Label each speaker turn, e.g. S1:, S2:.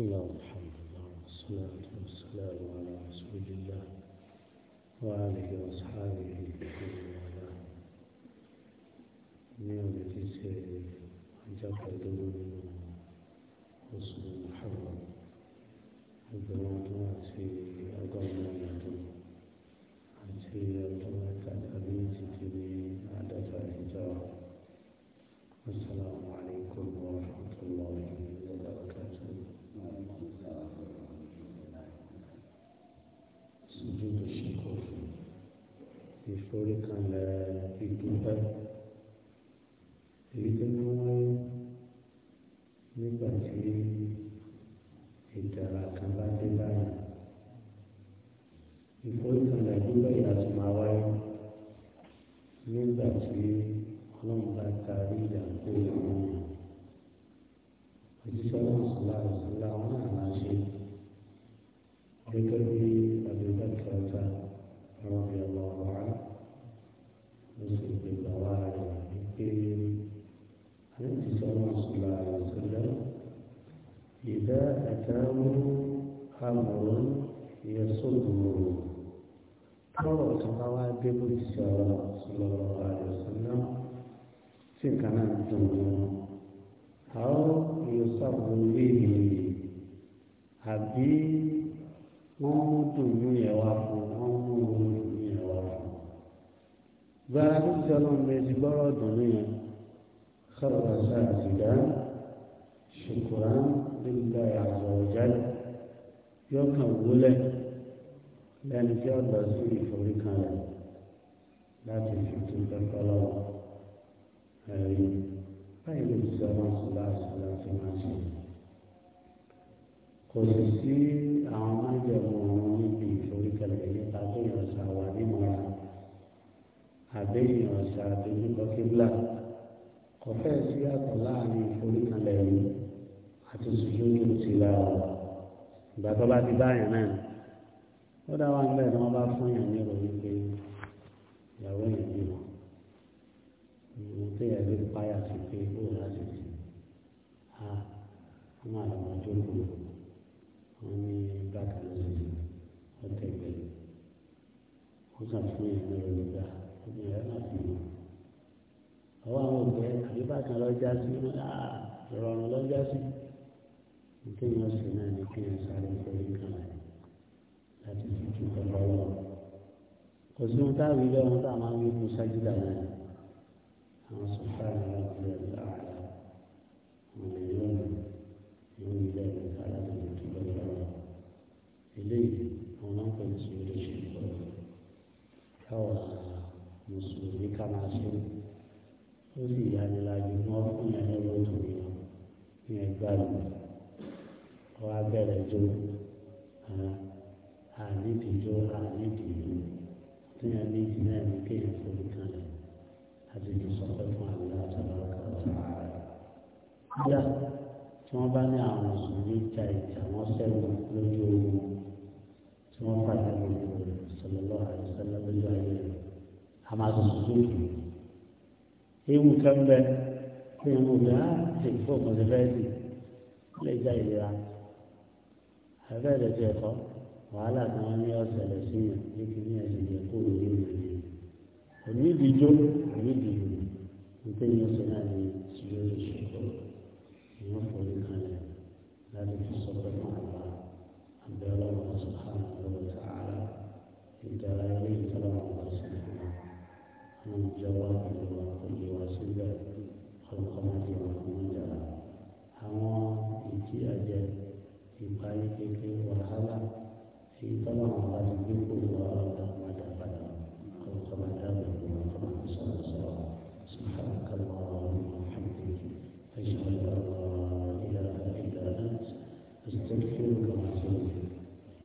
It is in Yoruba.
S1: بسم الله والحمد لله والصلاة والسلام على رسول الله وآله وأصحابه وآله اليوم الذي سيجعل دونه رسول محمد عبد الله أقامنا ìforí kan lẹ ìdúpẹ́ èyí tó máa ń wáyé nígbà tí ìdára kan bá dé báyìí ìforí kan ìdúpẹ́ ìyàtọ̀ máa wáyé nígbà tí ọlọ́run bá tarí ìyàtọ̀ ìyàwó yìí. الله عنه مسلم بالبوارد الكريم عن النبي صلى الله عليه وسلم إذا أتاه أمر يسره قرأ تقوى بابن صلى الله عليه وسلم سكنا الدنيا أو يصر به àbí wọ́n mú dùnú yẹn wá fún wọ́n mú orin و این زمان مزیبار دونه خراب از سر زیدن شکران بلده عز و جل یا کم گوله لانی یعنی که آن بازوی فوری کنه لاتی فیتون در کلا زمان سلاح سلاح àbẹ́yìn ọ̀sà àdójúkọ kíbla kọfẹ́ sí àtọ̀ láàrin ìforíkanlẹ̀ yìí àti sùjúdù ti la ọ̀ ìgbà tó bá ti báyìí náà ó dá wa ń bẹ̀ ni wọ́n bá fún yàn ní ìròyìn pé ìyàwó yẹn bí wọn ìwọ tó yẹ lórí páyà sí pé ó rà sí sí a wọ́n máa lọ wọn jókòó wọn ní bàtà lọ́sẹ̀ ọ̀tẹ̀gbẹ̀ ó sàn fún yàn ní ìròyìn gbà òbí rẹ̀ náà fi hàn ọwọ́ àwọn òbí rẹ̀ àbí bàtà lọ́jà sí rọrùn lọ́jà sí kéèyàn sì náà ní kéèyàn sáré pẹ̀lú kan rẹ̀ láti fi ju ọ̀pọ̀ lọ. kò sí ohun táwọn ilé ohun táwọn máa ń wí fún sájúdà náà àwọn sọ̀tà náà ti rẹ̀ láàárọ̀ àwọn èèyàn náà yóò ilé ọ̀rọ̀ kára tó lè tún lọ lọ́wọ́. eléyìí àwọn náà pẹ̀lú sùúrù lè ṣe ìkọlù káwọn mùsùlùmí ká máa ṣe ó sì yániláyé wọn fún yẹn ní lóòótọ́ yẹn ní ẹgbẹ́ rẹ̀ wọ́n á bẹ̀rẹ̀ jó ànídìjó ànídìjó tí yẹn ní ìdílé ní kéèyàn forí kalẹ̀ àti ìsọ̀fẹ́ fún àbúrò àtàwọn ọ̀gá ọ̀gá tí wọ́n bá ní àwọn mùsùlùmí ja ìjà wọn sẹ́gun lójú ogun. àdùnkù ewu kẹ́mbẹ́ ewu ní á ah, ti fún mọ̀lẹ́fẹ́ẹ́sì lè já ìlera ẹgbẹ́ ìdẹ̀tì ẹ̀kọ́ wàhálà tí wọ́n ní ọ̀sẹ̀lẹ̀ sí yẹn ní kí ní ẹ̀sìn yẹn kó lórí ìrìn òní ìdíjó òní ìdíjó nítorí ọ̀sẹ̀ náà ni ìṣòro ìṣòro ìwọ̀n forí kan lẹ́ حيث ورهلا في طلع الله بكم وأرادا ما تفعل قوة ما تابعكم وقوة ما تصنع سبحانك